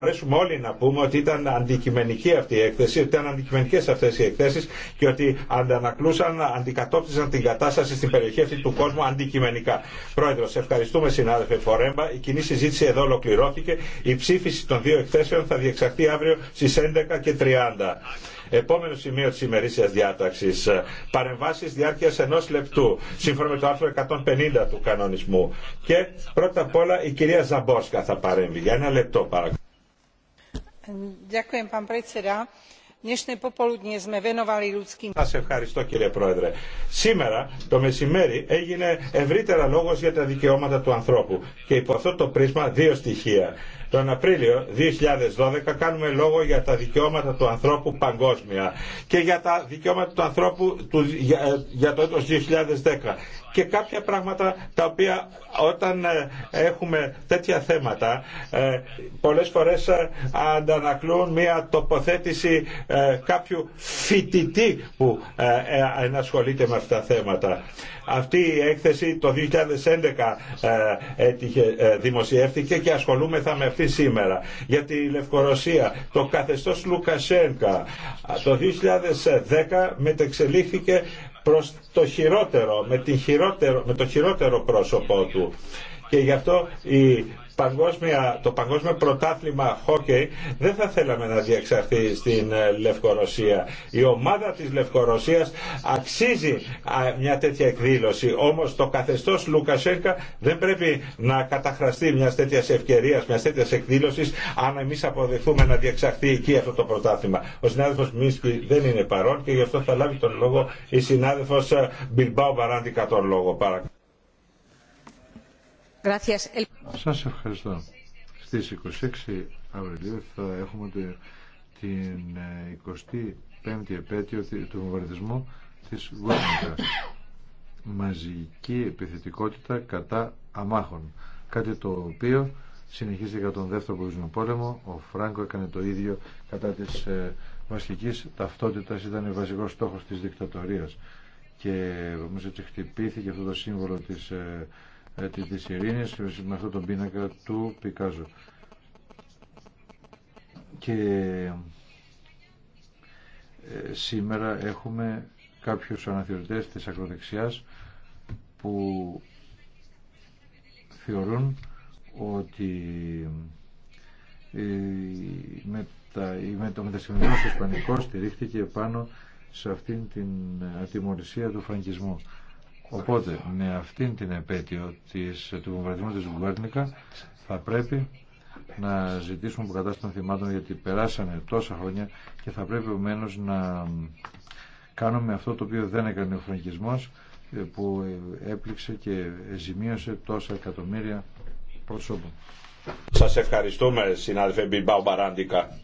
μπορέσουμε όλοι να πούμε ότι ήταν αντικειμενική αυτή η έκθεση, ότι ήταν αντικειμενικές αυτές οι εκθέσεις και ότι αντανακλούσαν, αντικατόπτυσαν την κατάσταση στην περιοχή αυτή του κόσμου αντικειμενικά. Πρόεδρο, ευχαριστούμε συνάδελφε Φορέμπα. Η κοινή συζήτηση εδώ ολοκληρώθηκε. Η ψήφιση των δύο εκθέσεων θα διεξαχθεί αύριο στις 11 και 30. Επόμενο σημείο τη ημερήσια διάταξη. Παρεμβάσει διάρκεια ενό λεπτού, σύμφωνα με το άρθρο 150 του κανονισμού. Και πρώτα απ' όλα η κυρία Ζαμπόσκα θα παρέμβει. Για ένα λεπτό παρακαλώ. Σα ευχαριστώ κύριε Πρόεδρε. Σήμερα το μεσημέρι έγινε ευρύτερα λόγο για τα δικαιώματα του ανθρώπου και υπό αυτό το πρίσμα δύο στοιχεία. Τον Απρίλιο 2012 κάνουμε λόγο για τα δικαιώματα του ανθρώπου παγκόσμια και για τα δικαιώματα του ανθρώπου ε, για, το έτος 2010 και κάποια πράγματα τα οποία όταν ε, έχουμε τέτοια θέματα ε, πολλές φορές ε, αντανακλούν μια τοποθέτηση κάποιου φοιτητή που ενασχολείται με αυτά τα θέματα. Αυτή η έκθεση το 2011 δημοσιεύτηκε και ασχολούμεθα με αυτή σήμερα. Για τη Λευκορωσία, το καθεστώς Λουκασένκα το 2010 μετεξελίχθηκε προς το χειρότερο, με, την χειρότερο, με το χειρότερο πρόσωπό του. Και γι' αυτό η το παγκόσμιο πρωτάθλημα χόκεϊ δεν θα θέλαμε να διεξαχθεί στην ε, Λευκορωσία. Η ομάδα της Λευκορωσίας αξίζει μια τέτοια εκδήλωση. Όμως το καθεστώς Λουκασέρκα δεν πρέπει να καταχραστεί μια τέτοια ευκαιρία, μια τέτοια εκδήλωση, αν εμείς αποδεχθούμε να διεξαχθεί εκεί αυτό το πρωτάθλημα. Ο συνάδελφος Μίσκι δεν είναι παρόν και γι' αυτό θα λάβει τον λόγο η συνάδελφο ε, Μπιλμπάου Μπαράντικα τον λόγο. Παρακαλώ. Σας ευχαριστώ. Στις 26 Αυριλίου θα έχουμε την 25η ε, επέτειο του βομβαρδισμού της Γκουέρνικα. Μαζική επιθετικότητα κατά αμάχων. Κάτι το οποίο συνεχίστηκε τον δεύτερο παγκόσμιο πόλεμο. Ο Φράγκο έκανε το ίδιο κατά της βασικής ε, ταυτότητας. Ήταν βασικός στόχος της δικτατορίας. Και όμως έτσι χτυπήθηκε αυτό το σύμβολο της ε, της ειρήνης με αυτόν τον πίνακα του Πικάζου. Και ε, σήμερα έχουμε κάποιους αναθεωρητές της ακροδεξιάς που θεωρούν ότι ε, με τα, με το μετασυμβολικό ισπανικό στηρίχθηκε πάνω σε αυτήν την ατιμορρησία του φραγκισμού. Οπότε με αυτήν την επέτειο της, του βομβαρδισμού της Γκουέρνικα θα πρέπει να ζητήσουμε που των θυμάτων γιατί περάσανε τόσα χρόνια και θα πρέπει ομένω να κάνουμε αυτό το οποίο δεν έκανε ο φραγκισμός ε, που έπληξε και ζημίωσε τόσα εκατομμύρια προσώπων. Σας ευχαριστούμε συνάδελφε Μπιμπάου Μπαράντικα.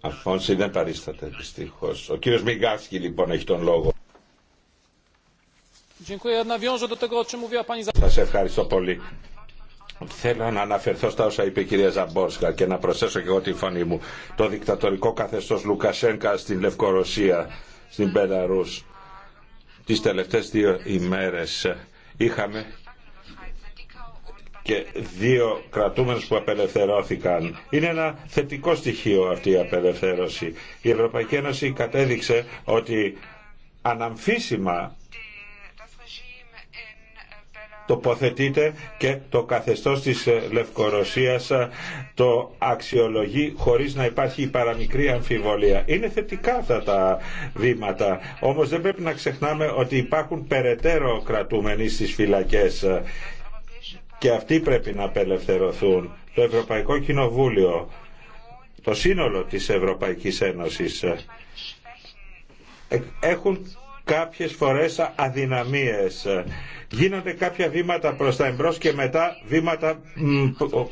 Αφόνση δεν παρίσταται δυστυχώς. Ο κύριος Μιγκάσκι λοιπόν έχει τον λόγο. Σας ευχαριστώ πολύ. Θέλω να αναφερθώ στα όσα είπε η κυρία Ζαμπόρσκα και να προσθέσω και εγώ τη φωνή μου. Το δικτατορικό καθεστώς Λουκασένκα στην Λευκορωσία, στην Πελαρούς. Τις τελευταίες δύο ημέρες είχαμε και δύο κρατούμενους που απελευθερώθηκαν. Είναι ένα θετικό στοιχείο αυτή η απελευθέρωση. Η Ευρωπαϊκή Ένωση κατέδειξε ότι αναμφίσιμα τοποθετείται και το καθεστώς της ε, Λευκορωσίας ε, το αξιολογεί χωρίς να υπάρχει η παραμικρή αμφιβολία. Είναι θετικά αυτά τα βήματα, όμως δεν πρέπει να ξεχνάμε ότι υπάρχουν περαιτέρω κρατούμενοι στις φυλακές ε, και αυτοί πρέπει να απελευθερωθούν. Το Ευρωπαϊκό Κοινοβούλιο, το σύνολο της Ευρωπαϊκής Ένωσης έχουν κάποιες φορές αδυναμίες. Γίνονται κάποια βήματα προς τα εμπρός και μετά βήματα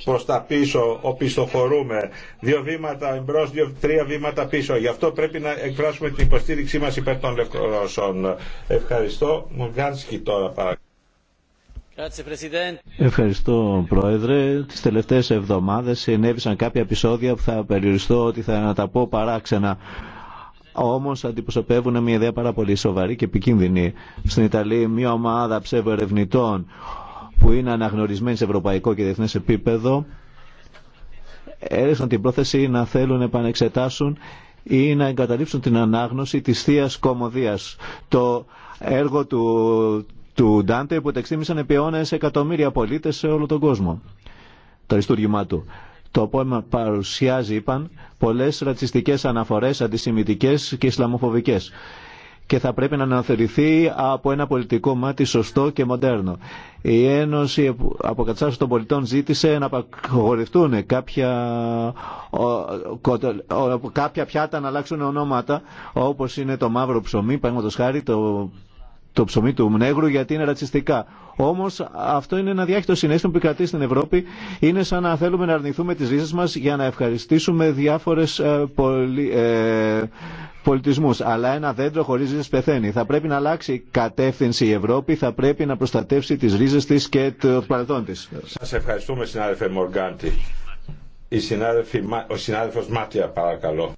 προς τα πίσω, οπισθοχωρούμε. Δύο βήματα εμπρός, δύο, τρία βήματα πίσω. Γι' αυτό πρέπει να εκφράσουμε την υποστήριξή μας υπέρ των Λευκορώσων. Ευχαριστώ. Μουγκάνσκι τώρα παρακαλώ. Ευχαριστώ Πρόεδρε. Τις τελευταίες εβδομάδες συνέβησαν κάποια επεισόδια που θα περιοριστώ ότι θα τα πω παράξενα όμως αντιπροσωπεύουν μια ιδέα πάρα πολύ σοβαρή και επικίνδυνη. Στην Ιταλία μια ομάδα ψευδοερευνητών που είναι αναγνωρισμένη σε ευρωπαϊκό και διεθνέ επίπεδο έρεσαν την πρόθεση να θέλουν να επανεξετάσουν ή να εγκαταλείψουν την ανάγνωση της θεία Κομμωδίας. Το έργο του, του Ντάντε που εξήμισαν επί αιώνες εκατομμύρια πολίτες σε όλο τον κόσμο. Το αριστούργημά του. Το πόημα παρουσιάζει, είπαν, πολλές ρατσιστικές αναφορές, αντισημητικέ και ισλαμοφοβικέ. και θα πρέπει να αναθεωρηθεί από ένα πολιτικό μάτι σωστό και μοντέρνο. Η Ένωση Αποκατάσταση των Πολιτών ζήτησε να απαγορευτούν κάποια, κάποια πιάτα να αλλάξουν ονόματα, όπως είναι το μαύρο ψωμί, παραδείγματο χάρη το το ψωμί του νέγρου γιατί είναι ρατσιστικά. Όμω αυτό είναι ένα διάχυτο συνέστημα που κρατεί στην Ευρώπη. Είναι σαν να θέλουμε να αρνηθούμε τι ρίζε μα για να ευχαριστήσουμε διάφορε ε, πολι... ε, πολιτισμού. Αλλά ένα δέντρο χωρί ρίζε πεθαίνει. Θα πρέπει να αλλάξει κατεύθυνση η Ευρώπη, θα πρέπει να προστατεύσει τι ρίζε τη και το παρελθόν τη. Σα ευχαριστούμε, συνάδελφε Μοργκάντη. ο συνάδελφος Μάτια, παρακαλώ.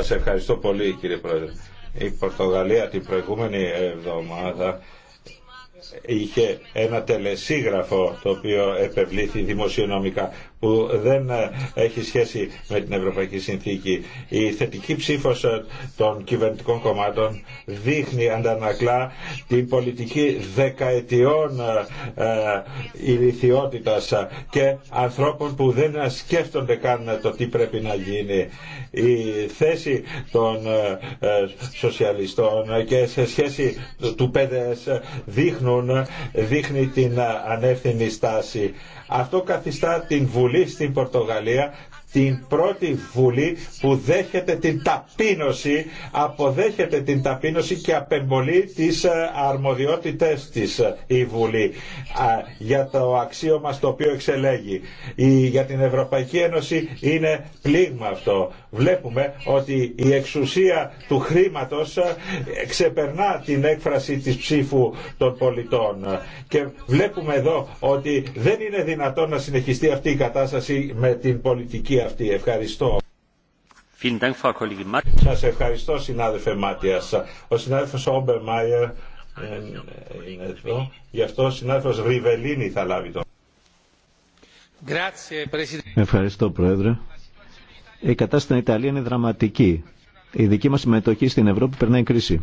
Σα ευχαριστώ πολύ κύριε Πρόεδρε. Η Πορτογαλία την προηγούμενη εβδομάδα είχε ένα τελεσίγραφο το οποίο επευλήθη δημοσιονομικά που δεν ε, έχει σχέση με την Ευρωπαϊκή Συνθήκη. Η θετική ψήφος ε, των κυβερνητικών κομμάτων δείχνει, αντανακλά την πολιτική δεκαετιών ε, ηλικιότητας και ανθρώπων που δεν σκέφτονται καν το τι πρέπει να γίνει. Η θέση των σοσιαλιστών και σε σχέση του ΠΕΔΕΣ δείχνουν, δείχνει την ανεύθυνη στάση. Αυτό καθιστά την Βουλή Βουλή στην Πορτογαλία την πρώτη βουλή που δέχεται την ταπείνωση, αποδέχεται την ταπείνωση και απεμπολεί τις ε, αρμοδιότητες της ε, η Βουλή για το αξίωμα στο οποίο εξελέγει. Για την Ευρωπαϊκή Ένωση είναι πλήγμα αυτό. Βλέπουμε ότι η εξουσία του χρήματος ε, ξεπερνά την έκφραση της ψήφου των πολιτών. Και βλέπουμε εδώ ότι δεν είναι δυνατόν να συνεχιστεί αυτή η κατάσταση με την πολιτική αυτή. Ευχαριστώ. Σας ευχαριστώ συνάδελφε Μάτια. Ο συνάδελφος Όμπερ Μάιερ ε, είναι εδώ. Γι' αυτό ο συνάδελφο Ριβελίνη θα λάβει το. Ευχαριστώ Πρόεδρε. Η κατάσταση στην Ιταλία είναι δραματική. Η δική μα συμμετοχή στην Ευρώπη περνάει κρίση.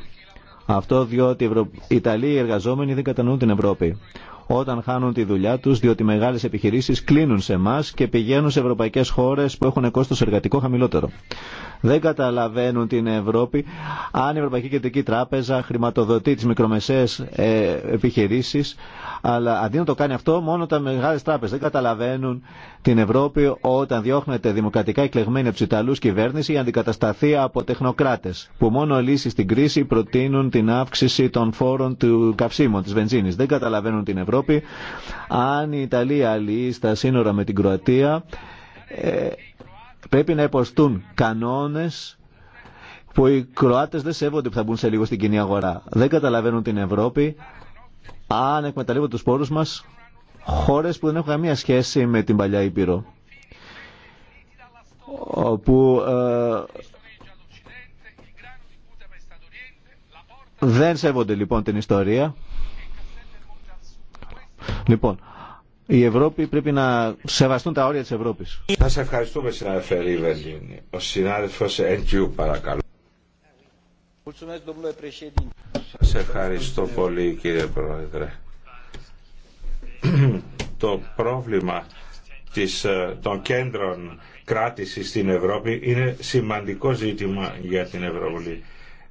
Αυτό διότι οι Ιταλοί οι εργαζόμενοι δεν κατανοούν την Ευρώπη όταν χάνουν τη δουλειά του, διότι μεγάλε επιχειρήσει κλείνουν σε εμά και πηγαίνουν σε ευρωπαϊκέ χώρε που έχουν κόστος εργατικό χαμηλότερο. Δεν καταλαβαίνουν την Ευρώπη αν η Ευρωπαϊκή Κεντρική Τράπεζα χρηματοδοτεί τι μικρομεσαίες ε, επιχειρήσει, αλλά αντί να το κάνει αυτό μόνο τα μεγάλε τράπεζε δεν καταλαβαίνουν την Ευρώπη όταν διώχνεται δημοκρατικά εκλεγμένη από του Ιταλού κυβέρνηση για να αντικατασταθεί από τεχνοκράτε, που μόνο λύσει στην κρίση προτείνουν την αύξηση των φόρων του καυσίμων, τη βενζίνη. Δεν καταλαβαίνουν την Ευρώπη Ευρώπη. Αν η Ιταλία αλληλεί στα σύνορα με την Κροατία, ε, πρέπει να υποστούν κανόνες που οι Κροάτες δεν σέβονται που θα μπουν σε λίγο στην κοινή αγορά. Δεν καταλαβαίνουν την Ευρώπη αν εκμεταλλεύονται τους πόρους μας χώρες που δεν έχουν καμία σχέση με την παλιά Ήπειρο. Όπου ε, δεν σέβονται λοιπόν την ιστορία Λοιπόν, η Ευρώπη πρέπει να σεβαστούν τα όρια της Ευρώπης. Σας ευχαριστούμε συνάδελφε Ριβελίνη. Ο συνάδελφος εντιού παρακαλώ. Σας ευχαριστώ πολύ κύριε Πρόεδρε. Το πρόβλημα της, των κέντρων κράτησης στην Ευρώπη είναι σημαντικό ζήτημα για την Ευρωβουλή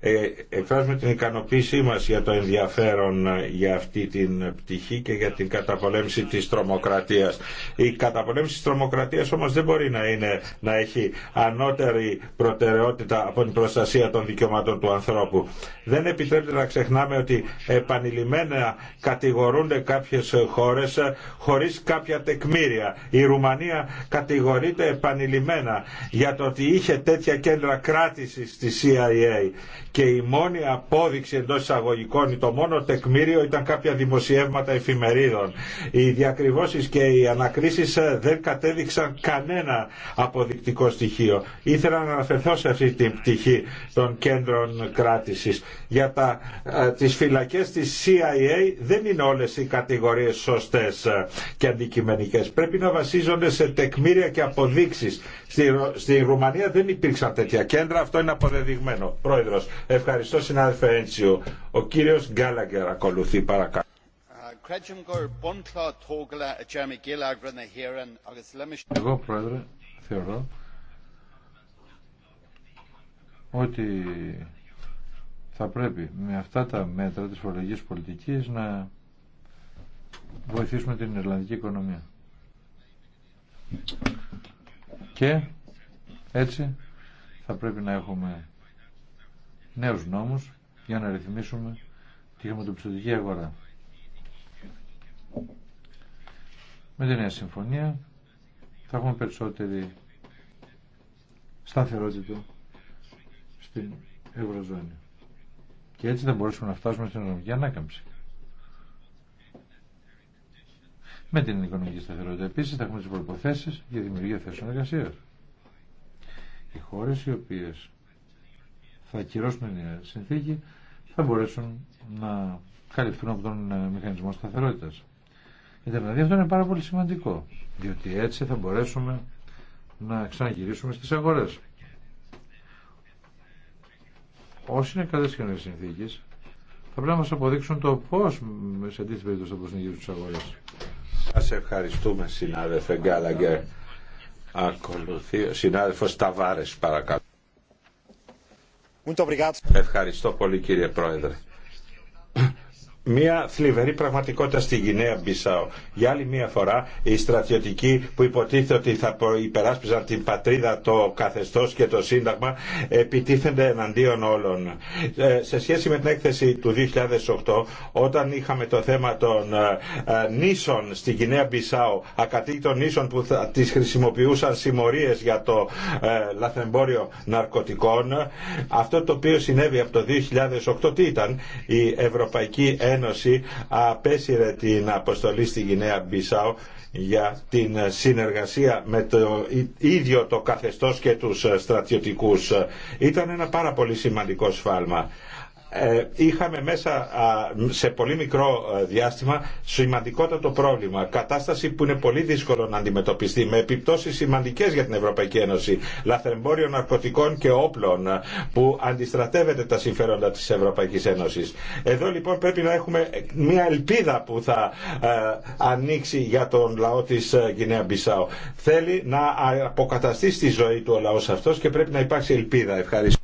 ε, εκφράζουμε την ικανοποίησή μας για το ενδιαφέρον ε, για αυτή την πτυχή και για την καταπολέμηση της τρομοκρατίας. Η καταπολέμηση της τρομοκρατίας όμως δεν μπορεί να, είναι, να έχει ανώτερη προτεραιότητα από την προστασία των δικαιωμάτων του ανθρώπου. Δεν επιτρέπεται να ξεχνάμε ότι επανειλημμένα κατηγορούνται κάποιες χώρες ε, χωρίς κάποια τεκμήρια. Η Ρουμανία κατηγορείται επανειλημμένα για το ότι είχε τέτοια κέντρα κράτησης στη CIA και η μόνη απόδειξη εντός εισαγωγικών ή το μόνο τεκμήριο ήταν κάποια δημοσιεύματα εφημερίδων. Οι διακριβώσεις και οι ανακρίσεις ε, δεν κατέδειξαν κανένα αποδεικτικό στοιχείο. Ήθελα να αναφερθώ σε αυτή την πτυχή των κέντρων κράτησης. Για τα, ε, τις φυλακές της CIA δεν είναι όλες οι κατηγορίες σωστές ε, και αντικειμενικές. Πρέπει να βασίζονται σε τεκμήρια και αποδείξεις Στη, Ρουμανία δεν υπήρξαν τέτοια κέντρα, αυτό είναι αποδεδειγμένο. Πρόεδρος, ευχαριστώ συνάδελφε Έντσιο. Ο κύριος Γκάλαγκερ ακολουθεί παρακαλώ. Εγώ, Πρόεδρε, θεωρώ ότι θα πρέπει με αυτά τα μέτρα της φορολογικής πολιτικής να βοηθήσουμε την Ιρλανδική οικονομία. Και έτσι θα πρέπει να έχουμε νέους νόμους για να ρυθμίσουμε τη χρηματοπιστωτική αγορά. Με τη νέα συμφωνία θα έχουμε περισσότερη σταθερότητα στην Ευρωζώνη. Και έτσι θα μπορέσουμε να φτάσουμε στην οικονομική ανάκαμψη. με την οικονομική σταθερότητα. Επίση, θα έχουμε τι προποθέσει για δημιουργία θέσεων εργασία. Οι χώρε οι οποίε θα ακυρώσουν την συνθήκη θα μπορέσουν να καλυφθούν από τον ε, μηχανισμό σταθερότητα. Γιατί δηλαδή αυτό είναι πάρα πολύ σημαντικό. Διότι έτσι θα μπορέσουμε να ξαναγυρίσουμε στι αγορέ. Όσοι είναι καλέ καινούριε συνθήκε, θα πρέπει να μα αποδείξουν το πώ σε αντίθεση περίπτωση θα μπορούν να αγορέ. Σας ευχαριστούμε συνάδελφε Γκάλαγκερ. Ακολουθεί ο συνάδελφος Ταβάρες παρακαλώ. Ευχαριστώ πολύ κύριε Πρόεδρε μια θλιβερή πραγματικότητα στη Γινέα Μπισάου. Για άλλη μια φορά οι στρατιωτικοί που υποτίθεται ότι θα υπεράσπιζαν την πατρίδα, το καθεστώς και το σύνταγμα επιτίθενται εναντίον όλων. Ε, σε σχέση με την έκθεση του 2008 όταν είχαμε το θέμα των ε, ε νήσων στη Γινέα Μπισάου, ακατοίκητων νήσων που θα, τις χρησιμοποιούσαν συμμορίες για το ε, λαθρεμπόριο ναρκωτικών, αυτό το οποίο συνέβη από το 2008 τι ήταν η Ευρωπαϊκή Ένωση Ένωση απέσυρε την αποστολή στη Γινέα Μπισάου για την συνεργασία με το ίδιο το καθεστώς και τους στρατιωτικούς. Ήταν ένα πάρα πολύ σημαντικό σφάλμα. Ε, είχαμε μέσα σε πολύ μικρό ε, διάστημα σημαντικότατο πρόβλημα. Κατάσταση που είναι πολύ δύσκολο να αντιμετωπιστεί με επιπτώσεις σημαντικές για την Ευρωπαϊκή Ένωση. Λαθρεμπόριο ναρκωτικών και όπλων ε, που αντιστρατεύεται τα συμφέροντα της Ευρωπαϊκής Ένωσης. Εδώ λοιπόν πρέπει να έχουμε μια ελπίδα που θα ανοίξει για τον λαό της Γινέα Μπισάου. Θέλει να αποκαταστήσει τη ζωή του ο λαός αυτός και πρέπει να υπάρξει ελπίδα. Ευχαριστώ.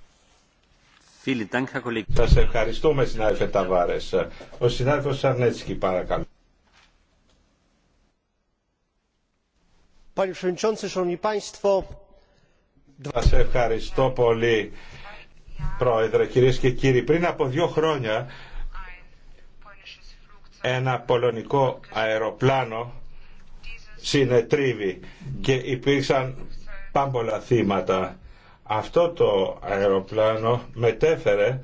Σας ευχαριστούμε συνάδελφε Ταβάρες. Ο συνάδελφος Σαρνέτσκι παρακαλώ. Σας ευχαριστώ πολύ Πρόεδρε, κυρίες και κύριοι. Πριν από δύο χρόνια ένα πολωνικό αεροπλάνο συνετρίβει και υπήρξαν πάμπολα θύματα αυτό το αεροπλάνο μετέφερε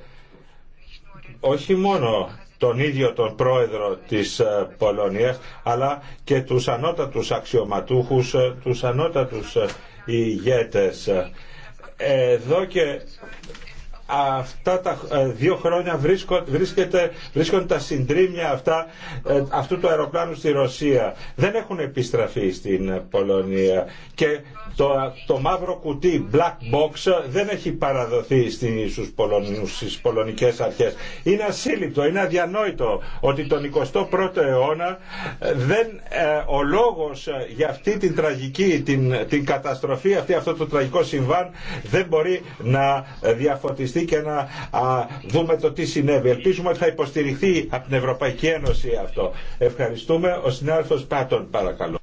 όχι μόνο τον ίδιο τον πρόεδρο της ε, Πολωνίας αλλά και τους ανώτατους αξιωματούχους, ε, τους ανώτατους ε, ηγέτες. Εδώ και αυτά τα ε, δύο χρόνια βρίσκεται, βρίσκονται τα συντρίμια αυτά, ε, αυτού του αεροπλάνου στη Ρωσία. Δεν έχουν επιστραφεί στην Πολωνία και το, το μαύρο κουτί black box δεν έχει παραδοθεί στους Πολωνίους, στις πολωνικές αρχές. Είναι ασύλληπτο, είναι αδιανόητο ότι τον 21ο αιώνα ε, δεν, ο λόγος για αυτή την τραγική, την, την καταστροφή, αυτή, αυτό το τραγικό συμβάν δεν μπορεί να διαφωτιστεί και να δούμε το τι συνέβη. Ελπίζουμε ότι θα υποστηριχθεί από την Ευρωπαϊκή Ένωση αυτό. Ευχαριστούμε. Ο συνάδελφος Πάτων παρακαλώ.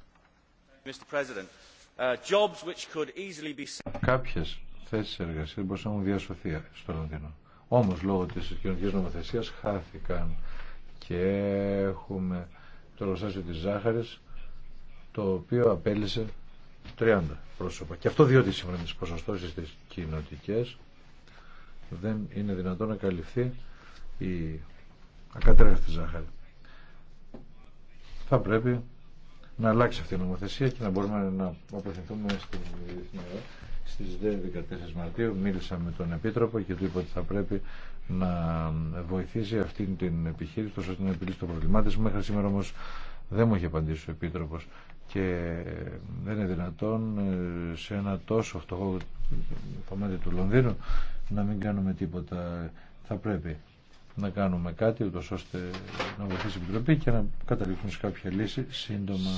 Uh, Κάποιες θέσεις εργασίας μπορούσαν να έχουν διασωθεί στο Λονδίνο. Όμω λόγω τη κοινωνική Νομοθεσία χάθηκαν και έχουμε το εργοστάσιο τη Ζάχαρη το οποίο απέλησε 30 πρόσωπα. Και αυτό διότι σήμερα με τι ποσοστώσει της δεν είναι δυνατόν να καλυφθεί η ακατρέφτη ζάχαρη. Θα πρέπει να αλλάξει αυτή η νομοθεσία και να μπορούμε να αποθεθούμε στην στις 14 Μαρτίου μίλησα με τον Επίτροπο και του είπα ότι θα πρέπει να βοηθήσει αυτή την επιχείρηση ώστε να επιλύσει το πρόβλημά της. Μέχρι σήμερα όμως δεν μου έχει απαντήσει ο Επίτροπος και δεν είναι δυνατόν ε, σε ένα τόσο φτωχό κομμάτι του Λονδίνου να μην κάνουμε τίποτα. Θα πρέπει να κάνουμε κάτι ούτως ώστε να βοηθήσει η Επιτροπή και να καταλήξουμε σε κάποια λύση σύντομα.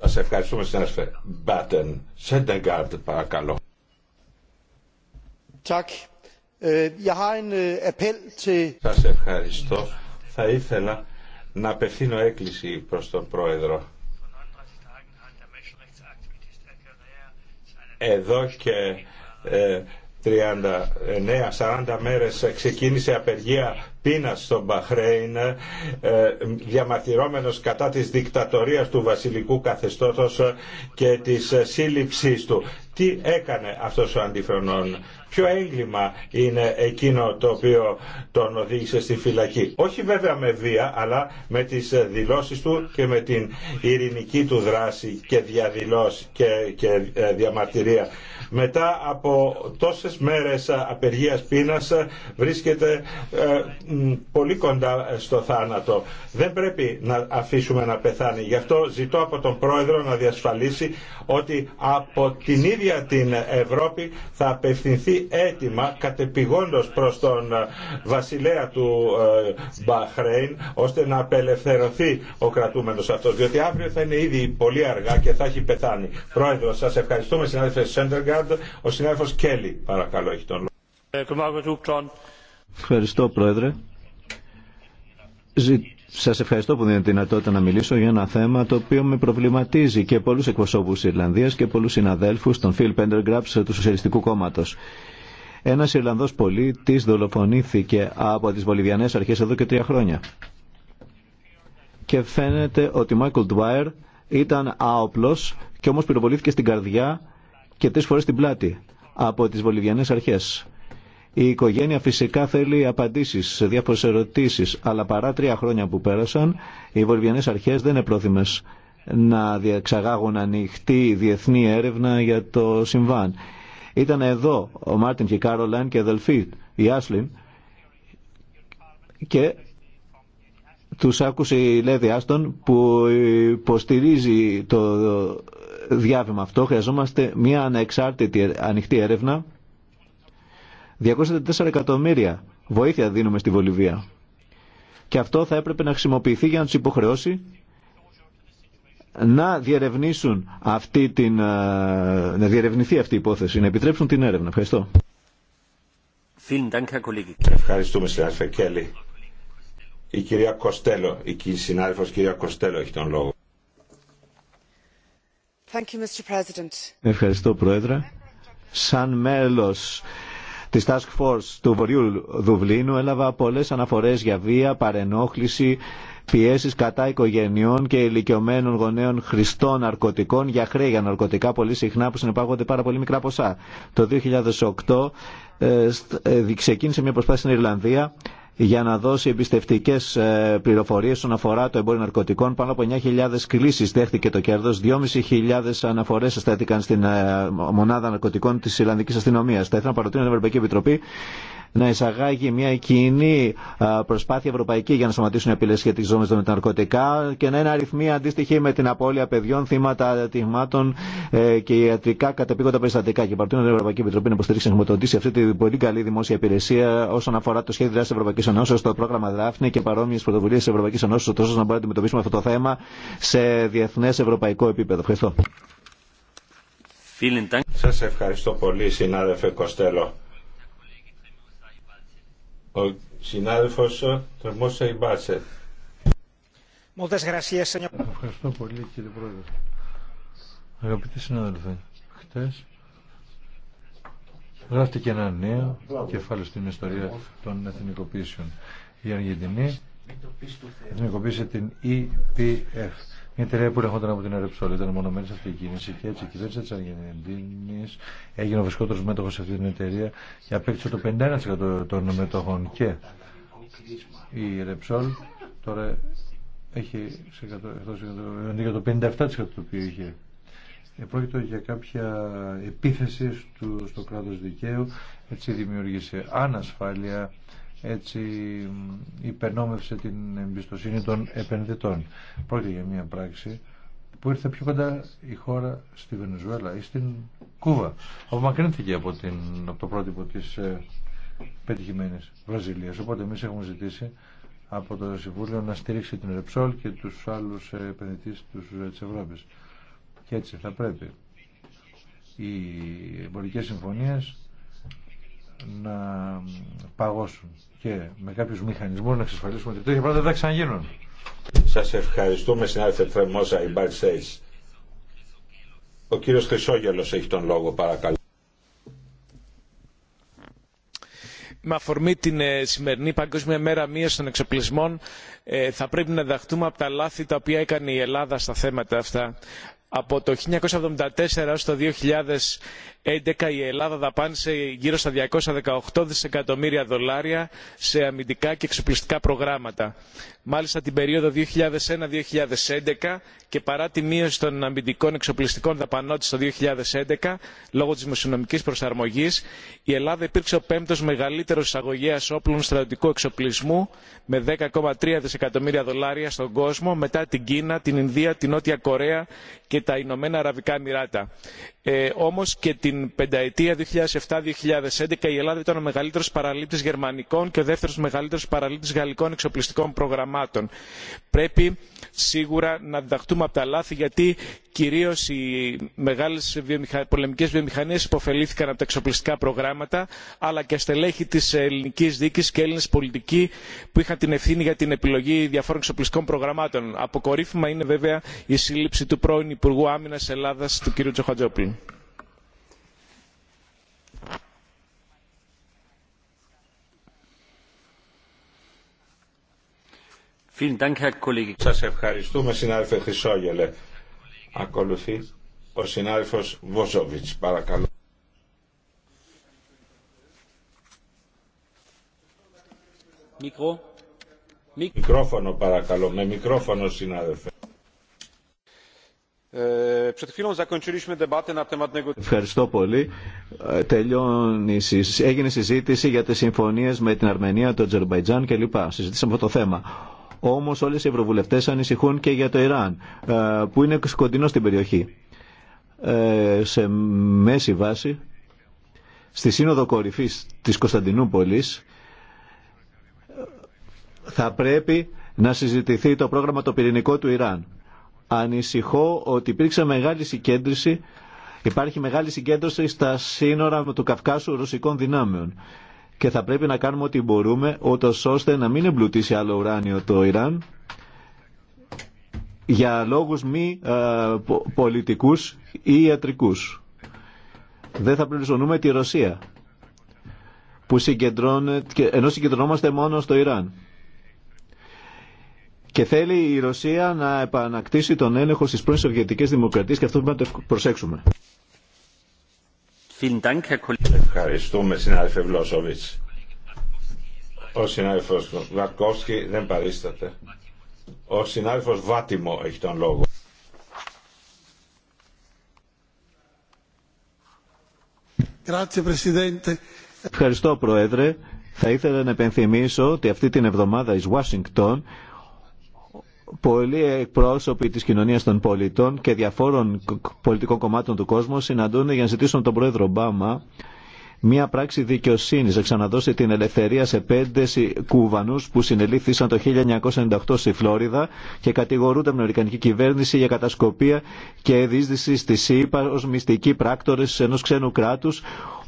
Σας ευχαριστούμε συνάδελφε. Μπάτεν, Σέντεγκάρτ παρακαλώ. Τάκ. Ε, øh, Σας ευχαριστώ. Θα ήθελα να απευθύνω έκκληση προς τον Πρόεδρο. Εδώ και 39-40 ε, μέρες ξεκίνησε απεργία πείνας στο Μπαχρέιν ε, διαμαρτυρώμενος κατά της δικτατορίας του βασιλικού καθεστώτος και της ε, σύλληψής του. Τι έκανε αυτός ο αντιφρονών ποιο έγκλημα είναι εκείνο το οποίο τον οδήγησε στη φυλακή. Όχι βέβαια με βία, αλλά με τις δηλώσεις του και με την ειρηνική του δράση και διαδηλώσει και, και ε, διαμαρτυρία. Μετά από τόσες μέρες απεργίας πείνας ε, βρίσκεται ε, πολύ κοντά στο θάνατο. Δεν πρέπει να αφήσουμε να πεθάνει. Γι' αυτό ζητώ από τον Πρόεδρο να διασφαλίσει ότι από την ίδια την Ευρώπη θα απευθυνθεί έτοιμα αίτημα κατεπηγόντως προς τον ε, βασιλέα του ε, Μπαχρέιν ώστε να απελευθερωθεί ο κρατούμενος αυτός διότι αύριο θα είναι ήδη πολύ αργά και θα έχει πεθάνει. Πρόεδρο, σας ευχαριστούμε συνάδελφε Σέντεργαρντ. Ο συνάδελφος Κέλλη παρακαλώ έχει τον λόγο. Ε, Ευχαριστώ Πρόεδρε. Σα ευχαριστώ που δίνετε τη δυνατότητα να μιλήσω για ένα θέμα το οποίο με προβληματίζει και πολλού εκπροσώπους της και πολλού συναδέλφου των Φιλ Πέντεργκραπ του Σοσιαλιστικού κόμματο. Ένα Ιρλανδό πολίτη δολοφονήθηκε από τι Βολιβιανέ αρχέ εδώ και τρία χρόνια. Και φαίνεται ότι ο Μάικλ Ντουάιρ ήταν άοπλος και όμω πυροβολήθηκε στην καρδιά και τρει φορέ στην πλάτη από τι Βολιβιανέ αρχέ. Η οικογένεια φυσικά θέλει απαντήσει σε διάφορε ερωτήσει, αλλά παρά τρία χρόνια που πέρασαν, οι βολβιανέ αρχέ δεν είναι πρόθυμε να διεξαγάγουν ανοιχτή διεθνή έρευνα για το συμβάν. Ήταν εδώ ο Μάρτιν και η Κάρολαν και αδελφή η Άσλιν, και του άκουσε η Λέδη Άστον που υποστηρίζει το διάβημα αυτό. Χρειαζόμαστε μια ανεξάρτητη ανοιχτή έρευνα 204 εκατομμύρια βοήθεια δίνουμε στη Βολιβία. Και αυτό θα έπρεπε να χρησιμοποιηθεί για να του υποχρεώσει να διερευνήσουν αυτή την, ε, να διερευνηθεί αυτή η υπόθεση, να επιτρέψουν την έρευνα. Ευχαριστώ. Ευχαριστούμε συνάδελφε Κέλλη. Η κυρία Κοστέλο, η συνάδελφος κυρία Κοστέλο έχει τον λόγο. Ευχαριστώ Πρόεδρε. Σαν μέλος της Task Force του Βορειού Δουβλίνου έλαβα πολλές αναφορές για βία, παρενόχληση, πιέσεις κατά οικογενειών και ηλικιωμένων γονέων χρηστών ναρκωτικών για χρέη για ναρκωτικά πολύ συχνά που συνεπάγονται πάρα πολύ μικρά ποσά. Το 2008 ε, ε ξεκίνησε μια προσπάθεια στην Ιρλανδία για να δώσει εμπιστευτικέ ε, πληροφορίε όσον αφορά το εμπόριο ναρκωτικών. Πάνω από 9.000 κλήσει δέχτηκε το κέρδο. 2.500 αναφορέ στέθηκαν στην ε, μονάδα ναρκωτικών τη Ιρλανδική αστυνομία. Θα ήθελα να παροτρύνω την Ευρωπαϊκή Επιτροπή να εισαγάγει μια κοινή προσπάθεια ευρωπαϊκή για να σταματήσουν οι απειλέ σχετικέ με τα ναρκωτικά και να είναι αριθμοί αντίστοιχοι με την απώλεια παιδιών, θύματα ατυχημάτων ε, και ιατρικά κατεπήγοντα περιστατικά. Και παρ' την Ευρωπαϊκή Επιτροπή να υποστηρίξει να χρηματοδοτήσει αυτή την πολύ καλή δημόσια υπηρεσία όσον αφορά το σχέδιο δράση Ευρωπαϊκή Ενώσεω, το πρόγραμμα Δάφνη και παρόμοιε πρωτοβουλίε τη Ευρωπαϊκή Ενώσεω, ώστε να μπορούμε να αντιμετωπίσουμε αυτό το θέμα σε διεθνέ ευρωπαϊκό επίπεδο. Ευχαριστώ. Σας ευχαριστώ πολύ συνάδελφε Κοστέλο. Ο συνάδελφος Τερμόσα Ιμπάσε. Ευχαριστώ πολύ κύριε Πρόεδρε. Αγαπητοί συνάδελφοι, χτες γράφτηκε ένα νέο κεφάλαιο στην ιστορία των εθνικοποίησεων. Η Αργεντινή εθνικοποίησε την EPF η εταιρεία που ερχόταν από την Ερεψόλη, ήταν μονομένη σε αυτή την κίνηση και έτσι η κυβέρνηση τη Αργεντινή έγινε ο βασικότερο μέτοχο σε αυτή την εταιρεία και απέκτησε το 51% των μετοχών. Και η ρεψόλ τώρα έχει το 57% το οποίο είχε. Επρόκειτο για κάποια επίθεση στο κράτος δικαίου, έτσι δημιούργησε ανασφάλεια, έτσι υπενόμευσε την εμπιστοσύνη των επενδυτών. Πρόκειται για μια πράξη που ήρθε πιο κοντά η χώρα στη Βενεζουέλα ή στην Κούβα. Απομακρύνθηκε από, την, από το πρότυπο της ε, πετυχημένης Βραζιλίας. Οπότε εμείς έχουμε ζητήσει από το Συμβούλιο να στηρίξει την Ρεψόλ και τους άλλους ε, επενδυτές ε, της Ευρώπης. Και έτσι θα πρέπει οι εμπορικές συμφωνίες να παγώσουν και με κάποιους μηχανισμούς να εξασφαλίσουμε ότι τέτοια πράγματα δεν θα ξαναγίνουν. Σας ευχαριστούμε συνάδελφε Τρεμόζα η Ο κύριος Χρυσόγελος έχει τον λόγο παρακαλώ. με αφορμή την ε, σημερινή παγκόσμια μέρα μία των εξοπλισμών ε, θα πρέπει να διδαχτούμε από τα λάθη τα οποία έκανε η ελλάδα στα θέματα αυτά από το 1974 στο 2011 η Ελλάδα δαπάνησε γύρω στα 218 δισεκατομμύρια δολάρια σε αμυντικά και εξοπλιστικά προγράμματα. Μάλιστα την περίοδο 2001-2011 και παρά τη μείωση των αμυντικών εξοπλιστικών δαπανών το 2011 λόγω της μεσονομικής προσαρμογής η Ελλάδα υπήρξε ο πέμπτος μεγαλύτερο εισαγωγέας όπλων στρατιωτικού εξοπλισμού με 10,3 δισεκατομμύρια δολάρια στον κόσμο μετά την Κίνα, την Ινδία, την Νότια Κορέα και τα ηνωμένα αραβικά εμιράτα. Ε, Όμω και την πενταετία 2007-2011 η Ελλάδα ήταν ο μεγαλύτερο παραλήπτη γερμανικών και ο δεύτερο μεγαλύτερο παραλήπτη γαλλικών εξοπλιστικών προγραμμάτων. Πρέπει σίγουρα να διδαχτούμε από τα λάθη γιατί κυρίω οι μεγάλε βιομηχα... πολεμικέ βιομηχανίε υποφελήθηκαν από τα εξοπλιστικά προγράμματα αλλά και στελέχη τη ελληνική δίκη και έλληνε πολιτικοί που είχαν την ευθύνη για την επιλογή διαφόρων εξοπλιστικών προγραμμάτων. Αποκορύφημα είναι βέβαια η σύλληψη του πρώην Υπουργού Ελλάδα, του κ. Τσοχατζόπουλου. Σας ευχαριστούμε συνάδελφε Χρυσόγελε. Ακολουθεί ο συνάδελφος Βοζόβιτ. Παρακαλώ. Μικρό. Μικρόφωνο παρακαλώ. Με μικρόφωνο συνάδελφε. E, Ευχαριστώ πολύ. Ε, τελειώνει, έγινε συζήτηση για τι συμφωνίε με την Αρμενία, το Τζερμπαϊτζάν κλπ. Συζητήσαμε αυτό το θέμα. Όμως όλες οι ευρωβουλευτέ ανησυχούν και για το Ιράν, ε, που είναι κοντινό στην περιοχή. Ε, σε μέση βάση, στη Σύνοδο Κορυφής της Κωνσταντινούπολη, θα πρέπει να συζητηθεί το πρόγραμμα το πυρηνικό του Ιράν Ανησυχώ ότι υπήρξε μεγάλη συγκέντρωση, υπάρχει μεγάλη συγκέντρωση στα σύνορα με του Καυκάσου ρωσικών δυνάμεων. Και θα πρέπει να κάνουμε ό,τι μπορούμε, ώστε να μην εμπλουτίσει άλλο ουράνιο το Ιράν, για λόγους μη ε, πολιτικούς ή ιατρικούς. Δεν θα πληροφορούμε τη Ρωσία, που συγκεντρώνε, ενώ συγκεντρωνόμαστε μόνο στο Ιράν και θέλει η Ρωσία να επανακτήσει τον έλεγχο στις πρώην Σοβιετικές Δημοκρατίες και αυτό πρέπει να το προσέξουμε. Ευχαριστούμε συνάδελφε Βλόσοβιτς. Ο συνάδελφος Βαρκόφσκι δεν παρίσταται. Ο συνάδελφος Βάτιμο έχει τον λόγο. Ευχαριστώ Πρόεδρε. Θα ήθελα να επενθυμίσω ότι αυτή την εβδομάδα εις Ουάσιγκτον πολλοί εκπρόσωποι της κοινωνίας των πολιτών και διαφόρων πολιτικών κομμάτων του κόσμου συναντούν για να ζητήσουν τον πρόεδρο Ομπάμα μια πράξη δικαιοσύνη να ξαναδώσει την ελευθερία σε πέντε κουβανού που συνελήφθησαν το 1998 στη Φλόριδα και κατηγορούνται από την Αμερικανική κυβέρνηση για κατασκοπία και δίσδυση στη ΣΥΠΑ ω μυστικοί πράκτορε ενό ξένου κράτου,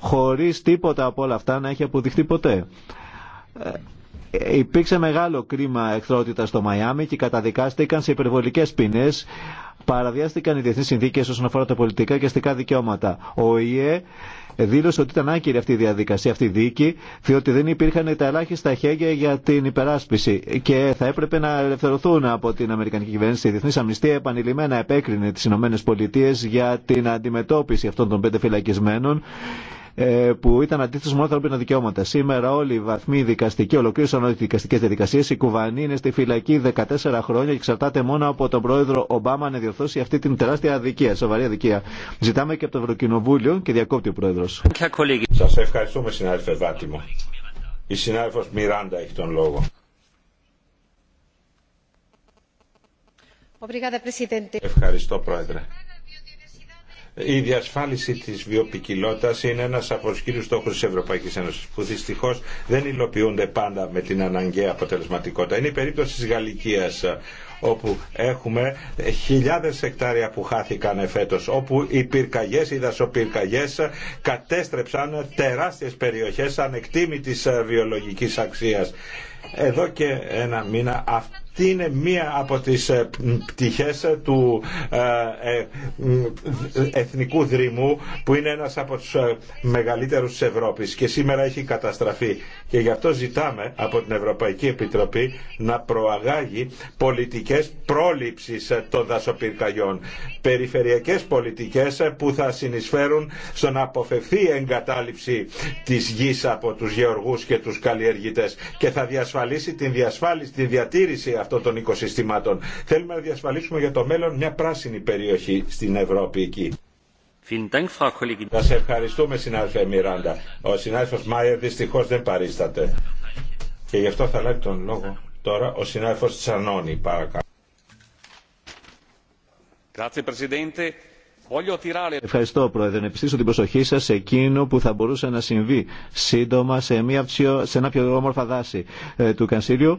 χωρί τίποτα από όλα αυτά να έχει αποδειχθεί ποτέ. Ε, υπήρξε μεγάλο κρίμα εχθρότητα στο Μαϊάμι και καταδικάστηκαν σε υπερβολικές ποινέ. παραδιάστηκαν οι διεθνεί συνθήκε όσον αφορά τα πολιτικά και αστικά δικαιώματα. Ο ΙΕ δήλωσε ότι ήταν άκυρη αυτή η διαδικασία, αυτή η δίκη, διότι δεν υπήρχαν τα ελάχιστα χέρια για την υπεράσπιση και θα έπρεπε να ελευθερωθούν από την Αμερικανική κυβέρνηση. Η Διεθνή Αμνηστία επανειλημμένα επέκρινε τι ΗΠΑ για την αντιμετώπιση αυτών των πέντε φυλακισμένων ε, που ήταν αντίθετο μόνο τα ανθρώπινα δικαιώματα. Σήμερα όλοι οι βαθμοί δικαστικοί ολοκλήρωσαν όλε τι δικαστικέ διαδικασίε. Η Κουβανή είναι στη φυλακή 14 χρόνια και εξαρτάται μόνο από τον πρόεδρο Ομπάμα να διορθώσει αυτή την τεράστια αδικία, σοβαρή αδικία. Ζητάμε και από το Ευρωκοινοβούλιο και διακόπτει ο πρόεδρο. Σα ευχαριστούμε συνάδελφε Βάτιμο. Η συνάδελφο Μιράντα έχει τον λόγο. Ευχαριστώ πρόεδρε η διασφάλιση της βιοπικιλότητα είναι ένας από τους κύριους στόχου τη Ευρωπαϊκής Ένωσης που δυστυχώ δεν υλοποιούνται πάντα με την αναγκαία αποτελεσματικότητα. Είναι η περίπτωση τη Γαλλικία, όπου έχουμε χιλιάδες εκτάρια που χάθηκαν φέτο, όπου οι πυρκαγιές, οι δασοπυρκαγιές κατέστρεψαν τεράστιες περιοχές ανεκτήμητη βιολογική αξία. Εδώ και ένα μήνα αυτό αυτή είναι μία από τις ε, πτυχές ε, του ε, εθνικού δρυμού που είναι ένας από τους μεγαλύτερους της Ευρώπης και σήμερα έχει καταστραφεί. Και γι' αυτό ζητάμε από την Ευρωπαϊκή Επιτροπή να προαγάγει πολιτικές πρόληψης των δασοπυρκαγιών. Περιφερειακές πολιτικές που θα συνεισφέρουν στο να αποφευθεί η εγκατάλειψη της γης από τους γεωργούς και τους καλλιεργητές και θα διασφαλίσει την διασφάλιση, τη διατήρηση αυτών των οικοσυστημάτων. Θέλουμε να διασφαλίσουμε για το μέλλον μια πράσινη περιοχή στην Ευρώπη εκεί. Θα σε ευχαριστούμε συνάδελφε Μιράντα. Ο συνάδελφος Μάιερ δυστυχώς δεν παρίσταται. Και γι' αυτό θα λάβει τον λόγο τώρα ο συνάδελφος Τσανώνη παρακαλώ. Ευχαριστώ, Πρόεδρε. επιστήσω την προσοχή σα σε εκείνο που θα μπορούσε να συμβεί σύντομα σε, μια, σε ένα πιο όμορφα δάση ε, του Κανσίλιου,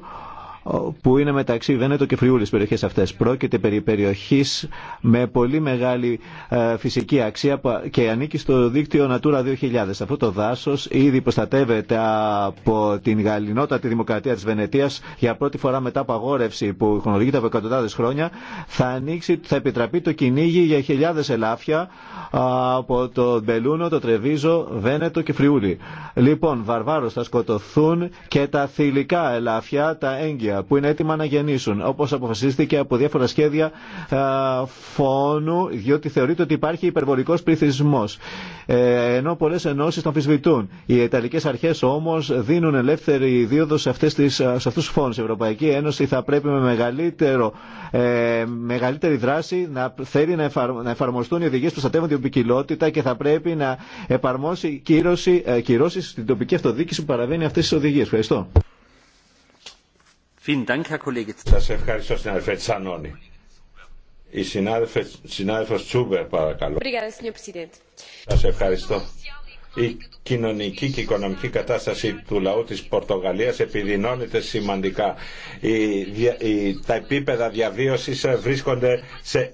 που είναι μεταξύ Βένετο και Φριούλη τις περιοχές αυτές. Πρόκειται περί περιοχής με πολύ μεγάλη ε, φυσική αξία και ανήκει στο δίκτυο Natura 2000. Αυτό το δάσος ήδη προστατεύεται από την γαλινότατη δημοκρατία της Βενετίας για πρώτη φορά μετά από αγόρευση που χρονολογείται από εκατοντάδες χρόνια θα, ανοίξει, θα επιτραπεί το κυνήγι για χιλιάδες ελάφια από το Μπελούνο, το Τρεβίζο, Βένετο και Φριούλη. Λοιπόν, βαρβάρος θα σκοτωθούν και τα θηλυκά ελάφια, τα έγκυα που είναι έτοιμα να γεννήσουν, Όπω αποφασίστηκε από διάφορα σχέδια φόνου, διότι θεωρείται ότι υπάρχει υπερβολικός Ε, ενώ πολλέ ενώσει το αμφισβητούν. Οι Ιταλικέ αρχέ όμω δίνουν ελεύθερη δίωδο σε, σε αυτούς τους φόνους. Η Ευρωπαϊκή Ένωση θα πρέπει με μεγαλύτερο, ε, μεγαλύτερη δράση να θέλει να, να εφαρμοστούν οι οδηγίε που στατεύουν την ποικιλότητα και θα πρέπει να εφαρμόσει κυρώσει κυρώσεις στην τοπική αυτοδιοίκηση που παραβαίνει αυτέ τι οδηγίε. Ευχαριστώ. Σας ευχαριστώ συνάδελφε Τσανώνη. Η συνάδελφος Τσούμπερ παρακαλώ. Σας ευχαριστώ η κοινωνική και οικονομική κατάσταση του λαού της Πορτογαλίας επιδεινώνεται σημαντικά. τα επίπεδα διαβίωσης βρίσκονται σε,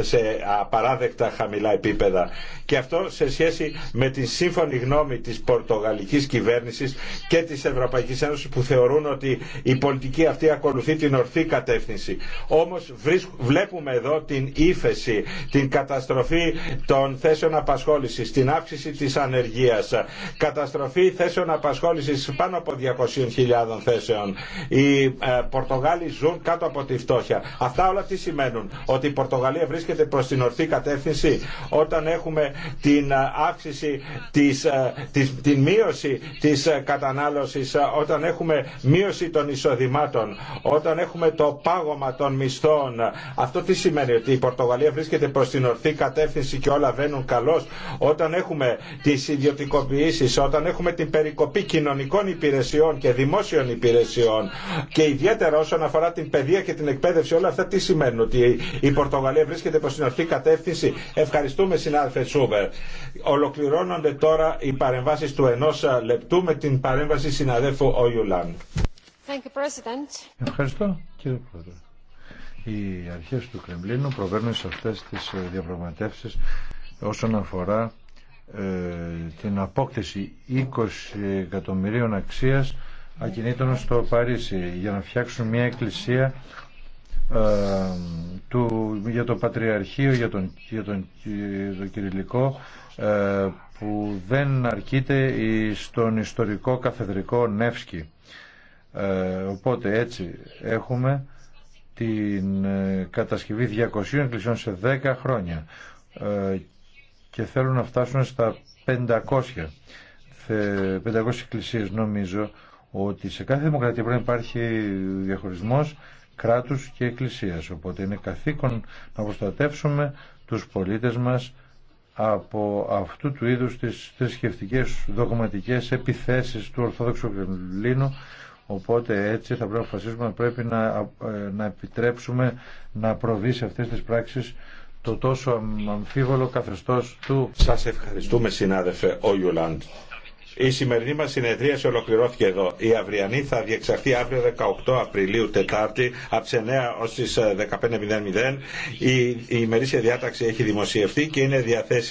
σε απαράδεκτα χαμηλά επίπεδα. Και αυτό σε σχέση με τη σύμφωνη γνώμη της πορτογαλικής κυβέρνησης και της Ευρωπαϊκής Ένωσης που θεωρούν ότι η πολιτική αυτή ακολουθεί την ορθή κατεύθυνση. Όμως βλέπουμε εδώ την ύφεση, την καταστροφή των θέσεων απασχόλησης, την αύξηση της καταστροφή θέσεων απασχόλησης πάνω από 200.000 θέσεων. Οι ε, Πορτογάλοι ζουν κάτω από τη φτώχεια. Αυτά όλα τι σημαίνουν, ότι η Πορτογαλία βρίσκεται προς την ορθή κατεύθυνση όταν έχουμε την ε, αύξηση, της, ε, της, την μείωση της κατανάλωσης, όταν έχουμε μείωση των εισοδημάτων, όταν έχουμε το πάγωμα των μισθών. Αυτό τι σημαίνει, ότι η Πορτογαλία βρίσκεται προς την ορθή κατεύθυνση και όλα βαίνουν καλώς, όταν έχουμε τις ιδιωτικοποιήσεις, όταν έχουμε την περικοπή κοινωνικών υπηρεσιών και δημόσιων υπηρεσιών και ιδιαίτερα όσον αφορά την παιδεία και την εκπαίδευση, όλα αυτά τι σημαίνουν, ότι η Πορτογαλία βρίσκεται προς την ορθή κατεύθυνση. Ευχαριστούμε συνάδελφε Σούβερ. Ολοκληρώνονται τώρα οι παρεμβάσεις του ενός λεπτού με την παρέμβαση συναδέλφου Οιουλάν. Ευχαριστώ κύριε Πρόεδρε. Οι αρχές του Κρεμλίνου προβαίνουν σε αυτές τις διαπραγματεύσεις όσον αφορά ε, την απόκτηση 20 εκατομμυρίων αξίας ακινήτων στο Παρίσι για να φτιάξουν μια εκκλησία ε, του, για το Πατριαρχείο, για τον, για τον, Κυριλικό ε, που δεν αρκείται στον ιστορικό καθεδρικό Νεύσκι. οπότε έτσι έχουμε την κατασκευή 200 εκκλησιών σε 10 χρόνια και θέλουν να φτάσουν στα 500, 500 εκκλησίες νομίζω ότι σε κάθε δημοκρατία πρέπει να υπάρχει διαχωρισμός κράτους και εκκλησίας. Οπότε είναι καθήκον να προστατεύσουμε τους πολίτες μας από αυτού του είδους τις θρησκευτικέ δογματικές επιθέσεις του Ορθόδοξου Κρεμλίνου οπότε έτσι θα πρέπει να αποφασίσουμε πρέπει να, ε, να επιτρέψουμε να προβεί σε αυτές τις πράξεις το τόσο αμφίβολο καθεστώ του. Σας ευχαριστούμε συνάδελφε Όγιουλαντ. Η σημερινή μας σε ολοκληρώθηκε εδώ. Η αυριανή θα διεξαχθεί αύριο 18 Απριλίου Τετάρτη από τις 9 ως τις 15.00. Ε, η, η ημερήσια διάταξη έχει δημοσιευτεί και είναι διαθέσιμη.